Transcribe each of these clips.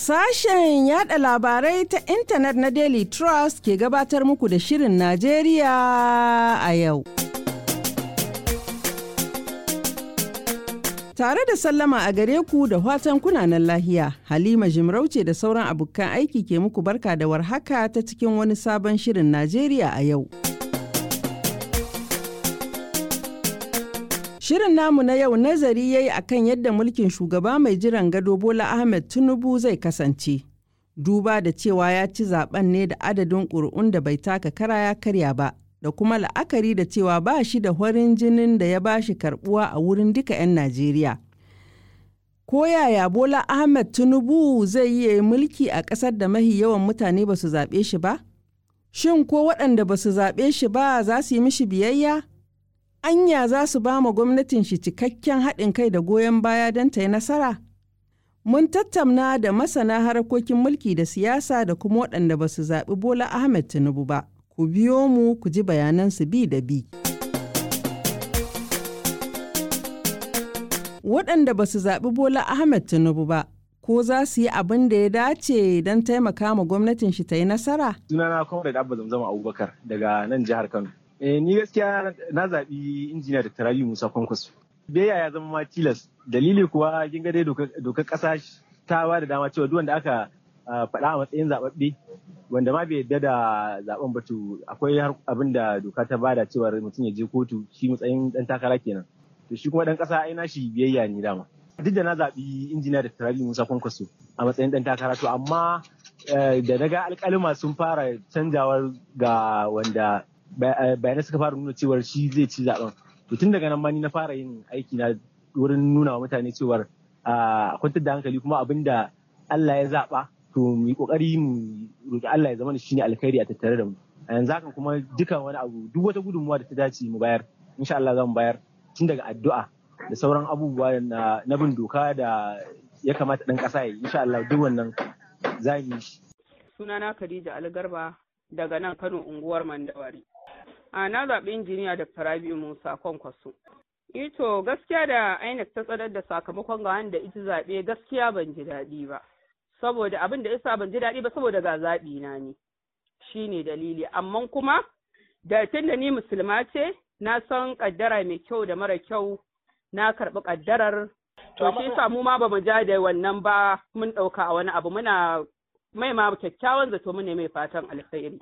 Sashen yada labarai ta intanet na Daily Trust ke gabatar muku da Shirin Najeriya a yau. Tare da sallama a gare ku da watan kunanan lahiya, Halima Jimarauce da sauran abokan aiki ke muku barka da warhaka ta cikin wani sabon Shirin Najeriya a yau. Shirin namu na yau nazari yayi akan yadda mulkin shugaba mai jiran gado Bola Ahmed Tinubu zai kasance. Duba da cewa ya ci zaben ne da adadin ƙuri'un da bai taka kara ya karya ba, da kuma la'akari da cewa ba shi da horin jinin da ya ba shi karɓuwa a wurin duka 'yan Najeriya. Ko yaya Bola Ahmed Tinubu zai yi mulki a ƙasar da mahi yawan mutane ba su zaɓe shi ba? Shin ko waɗanda ba su zaɓe shi ba za su yi mishi biyayya? anya za su ba mu gwamnatin shi cikakken haɗin kai da goyon baya don ta yi nasara? Mun tattauna da masana harkokin mulki da siyasa da kuma waɗanda ba su zaɓi Bola Ahmed Tinubu ba. Ku biyo mu ku ji bayanansu bi da bi. Waɗanda ba su zaɓi Bola Ahmed Tinubu ba, ko za su yi abin da ya dace don taimaka ma gwamnatin shi ta yi nasara? Sunana da Abba Zamzama Abubakar daga nan jihar Kano. Eh, ni gaskiya na zaɓi injiniya da Rabi Musa Kwankwaso. Beya ya zama ma tilas. Dalili kuwa kin dai dokar ƙasa ta ba da dama cewa duk wanda aka faɗa a matsayin zaɓaɓɓe wanda ma bai yadda da zaɓen batu akwai abin da doka ta bada cewa mutum ya je kotu shi matsayin ɗan takara kenan. To shi kuma ɗan ƙasa ai na shi biyayya ne dama. Duk da na zaɓi injiniya da Rabi Musa Kwankwaso a matsayin ɗan takara to amma eh, da na ga alƙalima sun fara canjawar ga wanda Eh, bayanai suka fara nuna cewar shi zai ci zaben to tun daga nan ma ni na fara yin aiki na wurin nuna wa mutane cewar a kwantar da hankali kuma abin da Allah ya zaba to mu yi kokari mu roki Allah ya zama shi ne alkhairi a tattare da mu a yanzu hakan kuma duka wani abu duk wata gudunmuwa da ta dace mu bayar insha Allah za mu bayar tun daga addu'a da sauran abubuwa na bin doka da ya kamata ɗan kasa ya yi insha Allah duk wannan za mu yi shi sunana Khadija Algarba daga nan Kano unguwar Mandawari a na zaɓi injiniya da farabi musa kwankwaso ito eh gaskiya da inec ta tsadar da sakamakon ga wanda ita zaɓe gaskiya ban ji daɗi ba saboda abin da isa ban ji daɗi ba saboda ga zaɓi na ne shine dalili amma kuma da tun da ni musulma ce na san kaddara mai kyau da mara kyau na karɓi kaddarar to shi yasa mu ma bamu ja da wannan ba mun ɗauka a wani abu muna mai ma kyakkyawan zato mu ne mai fatan alkhairi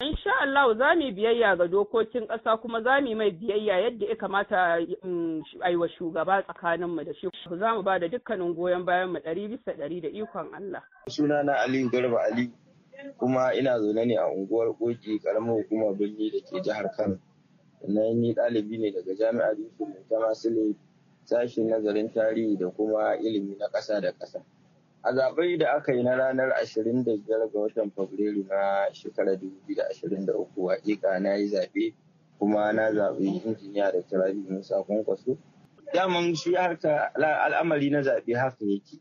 in sha Allah za mu biyayya ga dokokin ƙasa kuma za mu mai biyayya yadda ya kamata mm, a yi wa shugaba tsakanin mu da shi za mu ba da dukkanin goyon bayan mu ɗari bisa ɗari da ikon Allah. Suna na Ali Garba Ali kuma ina zaune ne a unguwar Koki ƙaramar hukumar birni da ke jihar Kano. yi ni ɗalibi ne daga jami'ar Yusuf Mutama Sule sashen nazarin tarihi da kuma ilimi na ƙasa da ƙasa. a zaɓen da aka yi na ranar 25 ga watan fabrairu na shekarar 2023 waƙiƙa na yi zaɓe kuma na zaɓi injiniya da turabi sakon kwankwaso daman shi harka al'amari na zaɓe haka yake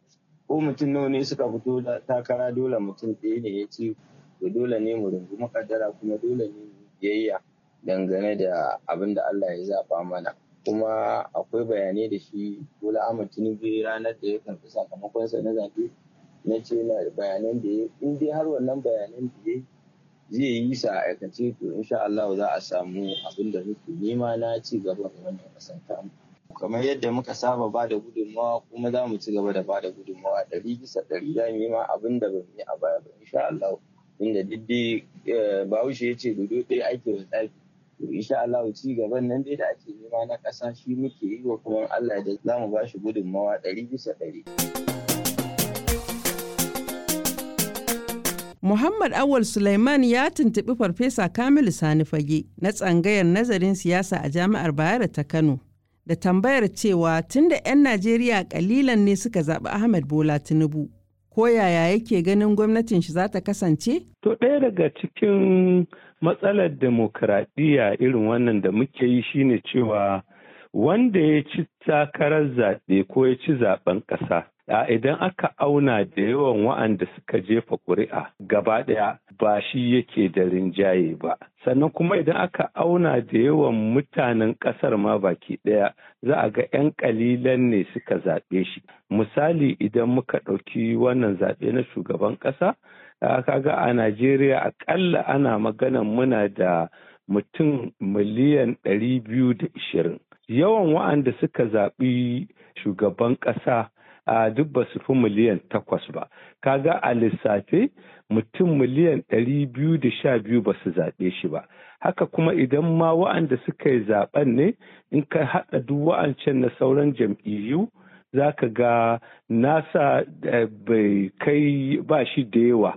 ko mutum nawa ne suka fito takara dole mutum ɗaya ne ya ce to dole ne mu rungumi kaddara kuma dole ne mu biyayya dangane da abin da Allah ya zaɓa mana kuma akwai bayanai da shi bola ahmad tinubu ranar da ya karɓi sa na zaɓe na ce na bayanan da ya in dai har wannan bayanan da ya zai yi sa a aikace to insha Allah za a samu abin da muke nema na ci gaba ga wannan kasan tamu kamar yadda muka saba ba da gudunmawa kuma za mu ci gaba da ba da gudunmawa ɗari bisa ɗari za mu yi ma abin da ba yi a baya ba insha Allah inda duk dai eh, bahaushe ya ce gudu ɗaya ake wa tsafi to insha Allah ci gaban nan dai da ake nema na ƙasa shi muke yi wa kuma Allah da za mu ba shi gudunmawa ɗari bisa ɗari. Muhammad Awal Suleiman ya tuntuɓi Farfesa Kamilu Sani Fage na tsangayar nazarin siyasa a Jami'ar Bayero ta Kano da tambayar cewa tunda 'yan Najeriya kalilan ne suka zaɓi Ahmed Bola Tinubu ko yaya yake ganin gwamnatin shi za ta kasance? To ɗaya daga cikin matsalar demokuraɗiyya irin wannan da muke yi shine cewa wanda ya ci takarar zaɓe ko ya ci zaɓen ƙasa. idan aka auna da yawan wa'anda suka jefa ƙuri'a gaba ɗaya ba shi yake da rinjaye ba sannan kuma idan aka auna da yawan mutanen ƙasar ma baki ɗaya za a ga 'yan ƙalilan ne suka zaɓe shi misali idan muka ɗauki wannan zaɓe na shugaban ƙasa ga a najeriya aƙalla ana maganan muna da mutum miliyan 220 yawan wa'anda suka zaɓi shugaban ƙasa a duk ba su fi miliyan takwas ba kaga a lissafe mutum miliyan ɗari biyu da sha biyu ba su zaɓe shi ba haka kuma idan ma wa'anda suka yi zaɓen ne in ka haɗa duk wa'ancan na sauran jam'iyyu za ka ga nasa eh, bai kai ba shi da yawa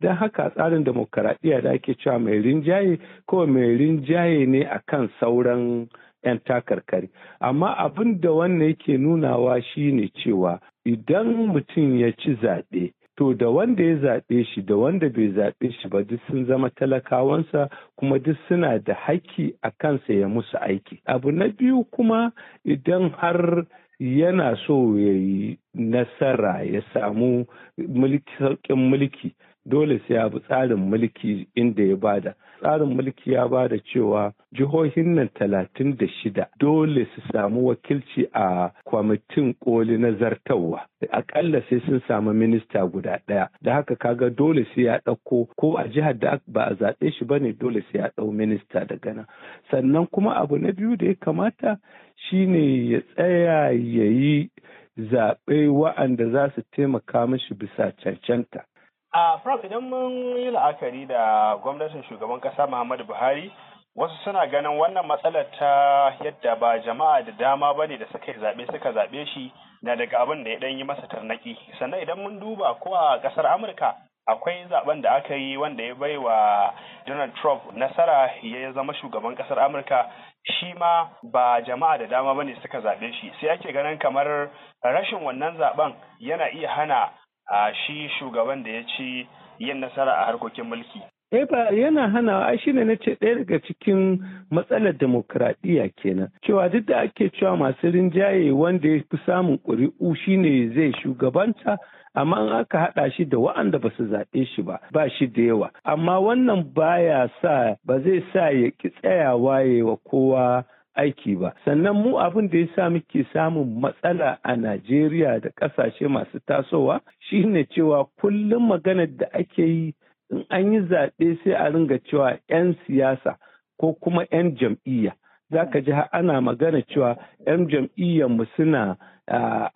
don haka tsarin demokaradiyya da ake cewa mai rinjaye ko mai rinjaye ne akan sauran 'yan takarkari amma abin da wannan yake nunawa shine cewa idan mutum ya ci zaɓe to da wanda ya zaɓe shi da wanda bai zaɓe shi ba duk sun zama talakawansa kuma duk suna da haƙƙi a kansa ya musu aiki abu na biyu kuma idan har yana so ya yi nasara ya samu sauƙin mulki dole sai ya bi tsarin mulki inda ya bada tsarin mulki ya bada cewa jihohin nan talatin da shida dole su samu wakilci a kwamitin koli na zartarwa akalla sai sun samu minista guda ɗaya da haka kaga dole sai ya ɗauko ko a jihar da ba a zaɓe shi ba ne dole sai ya ɗau minista daga nan sannan kuma abu na biyu da ya kamata shine ya tsaya ya yi zaɓe wa'anda za su taimaka mashi bisa cancanta a prof idan mun yi la'akari da gwamnatin shugaban kasa muhammadu buhari wasu suna ganin wannan matsalar ta yadda ba jama'a da dama bane da suka zaɓe suka zaɓe shi na daga abin da ya ɗan yi masa tarnaki sannan idan mun duba ko a ƙasar amurka akwai zaben da aka yi wanda ya bai wa donald trump nasara ya zama shugaban ƙasar amurka shi ma ba jama'a da dama bane suka zaɓe shi sai ake ganin kamar rashin wannan zaben yana iya hana a shi shugaban da ya ci yin nasara a harkokin mulki. Eh ba yana hana ai ne na ce ɗaya daga cikin matsalar demokuraɗiyya kenan. Cewa duk da ake cewa masu rinjaye wanda ya fi samun ƙuri'u shine zai shugabanta amma in aka haɗa shi da wa'anda ba su zaɓe shi ba ba shi da yawa. Amma wannan baya sa ba zai sa ya ƙi tsayawa ya wa kowa aiki ba sannan mu abin da ya sa muke samun matsala a najeriya da ƙasashe masu tasowa shine cewa kullum maganar da ake yi in an yi zaɓe sai a ringa cewa 'yan siyasa ko kuma 'yan jam'iyya za ka ji ana magana cewa 'yan jam'iyyar mu suna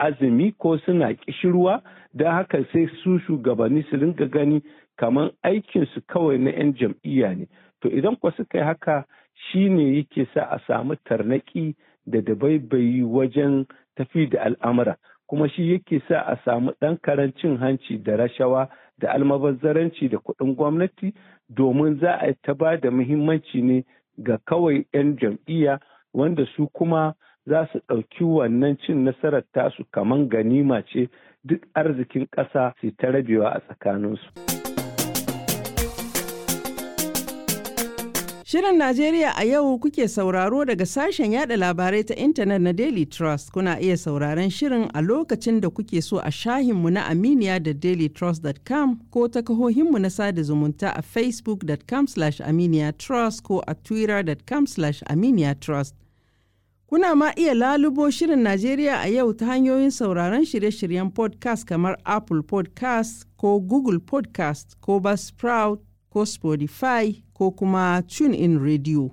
azumi ko suna kishirwa don haka sai su shugabanni su ringa gani kamar aikinsu kawai na 'yan jam'iyya ne to idan ku suka yi haka shi ne yake sa a samu tarnaki da dabaibayi wajen tafi da al'amura kuma shi yake sa a samu ɗan karancin hanci da rashawa da almabazzaranci da kuɗin gwamnati domin za a ta ba da muhimmanci ne ga kawai 'yan jam'iyya wanda su kuma za su ɗauki wannan cin nasarar tasu kaman ganima ce duk arzikin ƙasa su ta rabewa a tsakaninsu. Shirin Najeriya a yau kuke sauraro daga sashen yada labarai ta intanet na Daily Trust. Kuna iya sauraron shirin a lokacin da kuke so a shahinmu na Aminiya da dailytrust.com ko ta kahohinmu na sada zumunta a facebookcom aminiyatrust ko a twittercom aminiyatrust. Kuna ma iya lalubo shirin Najeriya a yau ta hanyoyin sauraron shirye-shiryen podcast kamar Apple podcast ko Google podcast ko Buzzsprout ko Spotify ko kuma tune in radio.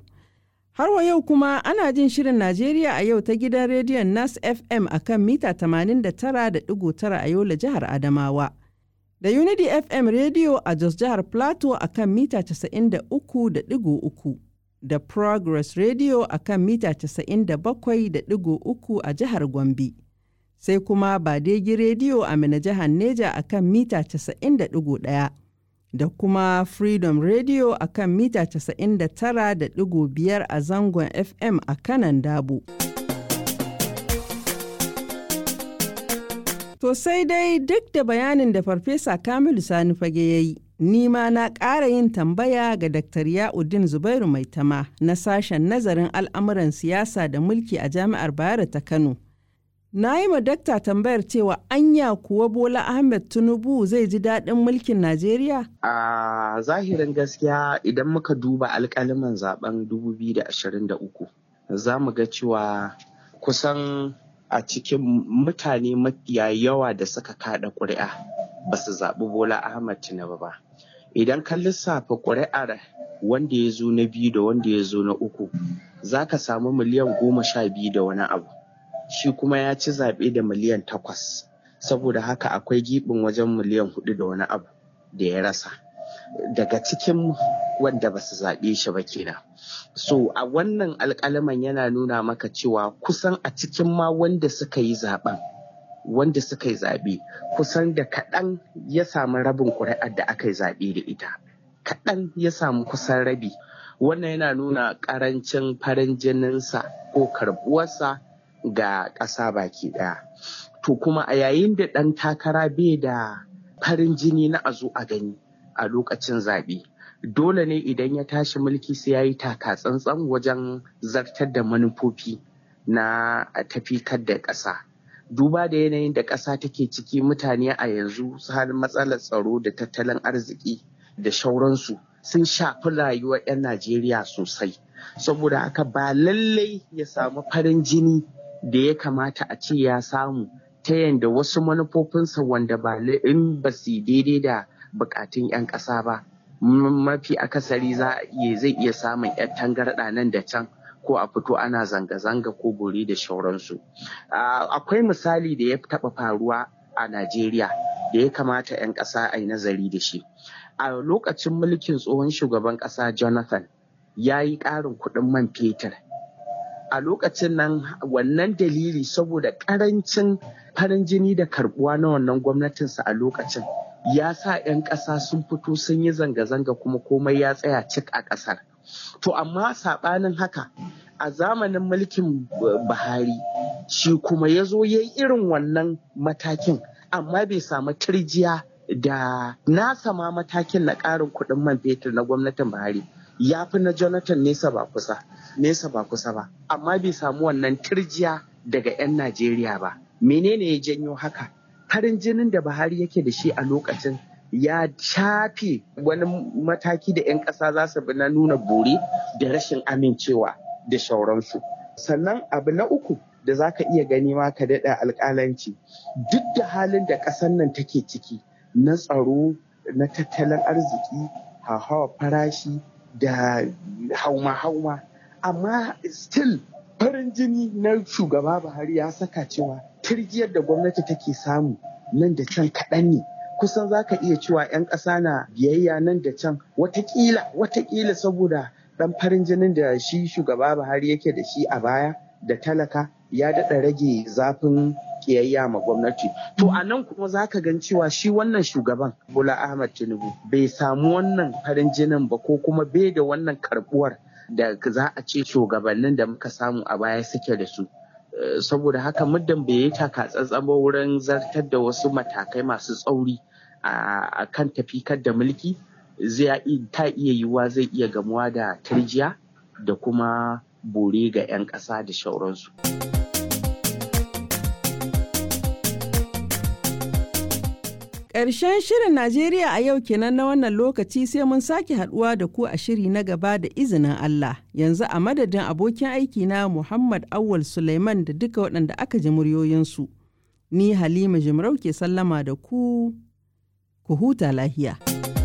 Har wa yau kuma ana jin shirin Najeriya a yau ta gidan rediyon Nas FM a kan mita 89.9 a yau da jihar Adamawa. Da Unity FM Radio a Jos jihar Plateau a kan mita 93.3. Da Progress Radio a kan mita 97.3 a jihar Gombe. Sai kuma Badegi Radio a Mina jihar Neja a kan mita 91. da kuma Freedom Radio a kan mita 99.5 a zangon FM a kanan dabu. To sai dai duk da bayanin da Farfesa Kamilu Sani fage ya yi, ni ma na ƙara yin tambaya ga Dr. Ya'udin Zubairu Maitama na sashen nazarin al'amuran siyasa da mulki a Jami'ar Bayero ta Kano. Na yi ma dakta tambayar cewa anya kuwa Bola Ahmed Tinubu zai ji daɗin mulkin Najeriya? A zahirin gaskiya idan muka duba alƙaliman zaben 2023 za mu ga cewa kusan a cikin mutane mafiya yawa da suka kaɗa ƙuri'a ba su zaɓi Bola Ahmed Tinubu ba. Idan ka lissafa ƙuri'ar wanda ya zo na biyu da wanda ya zo na uku za ka samu miliyan goma sha biyu da wani abu. shi kuma ya ci zaɓe da miliyan takwas saboda haka akwai gibin wajen miliyan hudu da wani abu da ya rasa daga cikin wanda ba su zaɓe shi ba kenan so a wannan alkalaman yana nuna maka cewa kusan a cikin ma wanda suka yi zaɓen wanda suka yi zaɓe kusan da kaɗan ya samu rabin ƙuri'ar da aka yi zaɓe da ita kaɗan ya samu kusan rabi wannan yana nuna ƙarancin farin jininsa ko karɓuwarsa ga ƙasa baki ɗaya. To kuma a yayin da ɗan takara bai da farin jini na azu a gani a lokacin zaɓe. Dole ne idan ya tashi mulki sai ya yi taka tsantsan wajen zartar da manufofi na tafikar da ƙasa. Duba da yanayin da ƙasa take ciki mutane a yanzu har matsalar tsaro da tattalin arziki da shauransu sun shafi rayuwar 'yan Najeriya sosai. Saboda haka ba lallai ya samu farin jini da ya kamata a ce ya samu ta yadda wasu manufofinsa wanda ba in ba su daidai da bukatun 'yan ƙasa ba mafi akasari za zai iya samun 'yan tangarɗa nan da can ko a fito ana zanga-zanga ko bore da shauransu akwai misali da ya taɓa faruwa a najeriya da ya kamata 'yan ƙasa a yi nazari da shi a lokacin mulkin tsohon shugaban ƙasa jonathan ya yi ƙarin kuɗin man fetur a lokacin nan wannan dalili saboda karancin farin jini da karbuwa na wannan gwamnatinsa a lokacin ya sa 'yan ƙasa sun fito sun yi zanga-zanga kuma komai ya tsaya cik a ƙasar to amma saɓanin haka a zamanin mulkin buhari shi kuma ya zo ya yi irin wannan matakin amma bai samu turjiya da nasa ma matakin na ƙarin kuɗin man fetur na gwamnatin buhari ya fi na jonathan nesa ba kusa nesa ba kusa ba amma bai samu wannan tirjiya daga 'yan najeriya ba menene ya janyo haka farin jinin da buhari yake da shi a lokacin ya shafe wani mataki da 'yan ƙasa za su bi na nuna bore da rashin amincewa da shauransu sannan abu na uku da za ka iya gani ma ka daɗa alƙalanci duk da halin da ƙasar nan take ciki na tsaro na tattalin arziki hawa farashi da hauma-hauma amma still farin jini na shugaba buhari ya saka cewa turgiyar da gwamnati take samu nan da can kaɗan ne kusan za ka iya cewa 'yan ƙasa na biyayya nan da can watakila watakila saboda ɗan farin jinin da shi shugaba buhari yake da shi a baya da talaka ya daɗa rage zafin kiyayya ma gwamnati to a nan kuma za ka gan cewa shi wannan shugaban Bola Ahmad Tinubu bai samu wannan farin jinin ba ko kuma bai da wannan karbuwar da za a ce shugabannin da muka samu a baya suke da su eh, saboda haka muddin bai yi taka ba wurin zartar da wasu matakai masu tsauri a kan tafikar da mulki ta iya yiwuwa zai iya gamuwa da tarjiya da kuma bore ga 'yan ƙasa da shauransu. Ƙarshen shirin Najeriya a yau kenan na wannan lokaci sai mun sake haɗuwa da ku a shiri na gaba da izinin Allah. Yanzu a madadin abokin aiki na Muhammad Awul Suleiman da duka waɗanda aka ji muryoyinsu. Ni Halima Jimarau ke sallama da ku, ku huta lahiya.